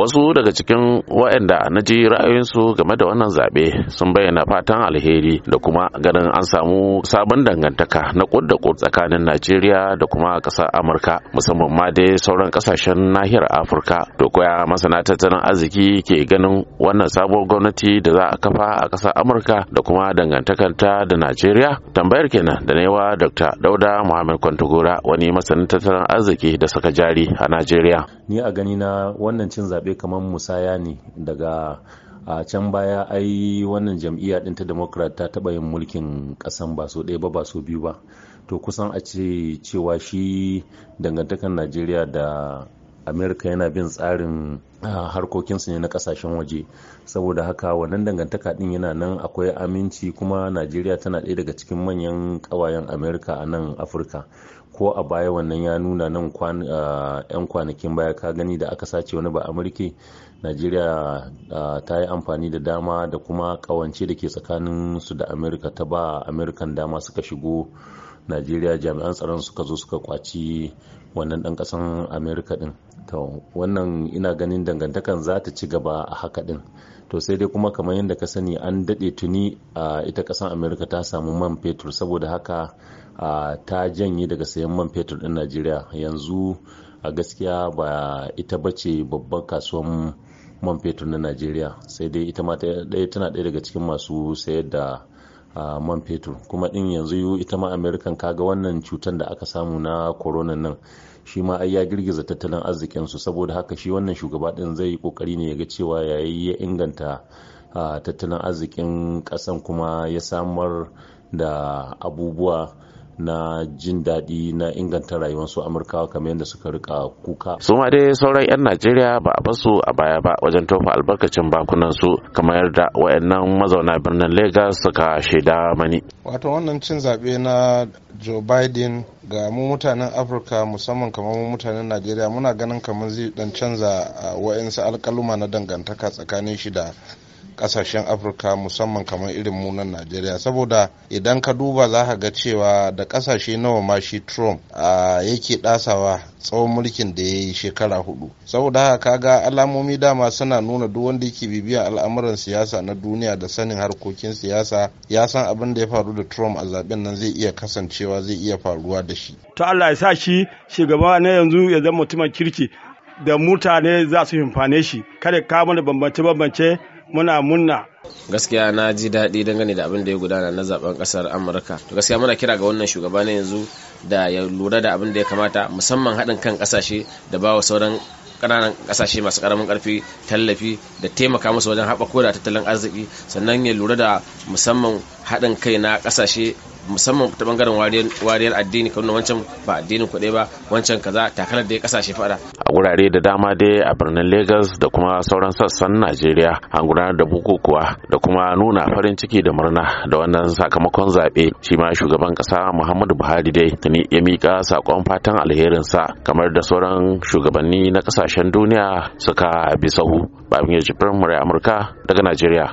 wasu daga cikin waɗanda na ji ra'ayinsu game da wannan zaɓe sun bayyana fatan alheri da kuma ganin an samu sabon dangantaka na kud da kud tsakanin najeriya da kuma ƙasar amurka musamman ma dai sauran ƙasashen nahiyar afirka to koya masana tattalin arziki ke ganin wannan sabuwar gwamnati da za a kafa a ƙasar amurka da kuma dangantakanta da najeriya tambayar kenan da newa dr dauda muhammad kwantagora wani masanin tattalin arziki da saka jari a najeriya ni a gani na wannan cin zaɓe zaɓe kamar musaya ne daga a can baya ai wannan jam'iyya ɗin ta democrat ta taɓa yin mulkin ƙasan ba so ɗaya ba ba so biyu ba to kusan a ce cewa shi dangantakar najeriya da amerika yana bin tsarin ah, harkokinsu ne na kasashen waje saboda haka wannan dangantaka din yana nan akwai aminci kuma najeriya tana ɗaya daga cikin manyan ƙawayen amerika a nan afirka ko a baya wannan ya nuna nan yan ah, kwanakin baya ka gani da aka sace wani ba amurke najeriya ah, ta yi amfani da dama da kuma kawance da ke tsakanin su da amerika ta ba amerikan dama suka shigo najeriya jami'an tsaron suka zo suka kwaci wannan ɗan kasan amerika din to wannan ina ganin dangantakan za ta ci gaba a haka din to sai dai kuma kamar yadda ka sani an dade tuni a ita ƙasan amerika ta samu man fetur saboda haka ta janye daga sayan man fetur ɗin najeriya yanzu a gaskiya ba ita bace babban kasuwan man fetur na najeriya sai dai ita ma tana ɗaya daga cikin masu sayar da man fetur kuma din yanzu ita ma american kaga wannan cutar da aka samu na corona nan shi ma ai ya girgiza tattalin arzikin su saboda haka shi wannan shugaba din zai yi kokari ne ya ga cewa yayi ya inganta tattalin arzikin kasan kuma ya samar da abubuwa na jin daɗi na inganta rayuwar su Amurka kamar yadda suka rika kuka su ma dai sauran 'yan najeriya ba a basu a baya ba wajen tofa albarkacin bakunan su kamar yadda wayannan mazauna birnin lagos suka shaida mani wato wannan cin zaɓe na joe biden ga mu mutanen afirka musamman kamar mu mutanen najeriya muna ganin kamar zai dan canza wayansu alkaluma na dangantaka tsakanin shi da kasashen afirka musamman kamar irin munan najeriya saboda idan ka duba za ka ga cewa da kasashe nawa ma shi trump yake dasawa tsawon mulkin da ya yi shekara hudu saboda haka kaga alamomi dama suna nuna duk wanda yake bibiya al'amuran siyasa na duniya da sanin harkokin siyasa ya san abin da ya faru da trump a zaben nan zai iya kasancewa zai iya faruwa da shi to allah ya sa shi shugaba na yanzu ya zama mutumin kirki da mutane za su himfane shi kada ka mana bambance bambance muna munna gaskiya na ji daɗi dangane da abin da ya gudana na zaben ƙasar amurka to gaskiya muna kira ga wannan shugaba na yanzu da ya lura da abin da ya kamata musamman haɗin kan ƙasashe da bawa sauran ƙananan ƙasashe masu ƙaramin ƙarfi tallafi da taimaka musu wajen haɓako da tattalin arziki sannan ya lura da musamman haɗin kai na ƙasashe musamman ta bangaren wariyar addini kan wancan ba addinin kuɗi ba wancan kaza takalar da ya kasashe fada a wurare da dama dai a birnin lagos da kuma sauran sassan Najeriya an gudanar da bukukuwa da kuma nuna farin ciki da murna da wannan sakamakon zaɓe shi ma shugaban ƙasa Muhammadu Buhari dai tuni ya miƙa saƙon fatan alherinsa kamar da sauran shugabanni na ƙasashen duniya suka bi sahu. Babin Yajibirin Murai Amurka daga Najeriya.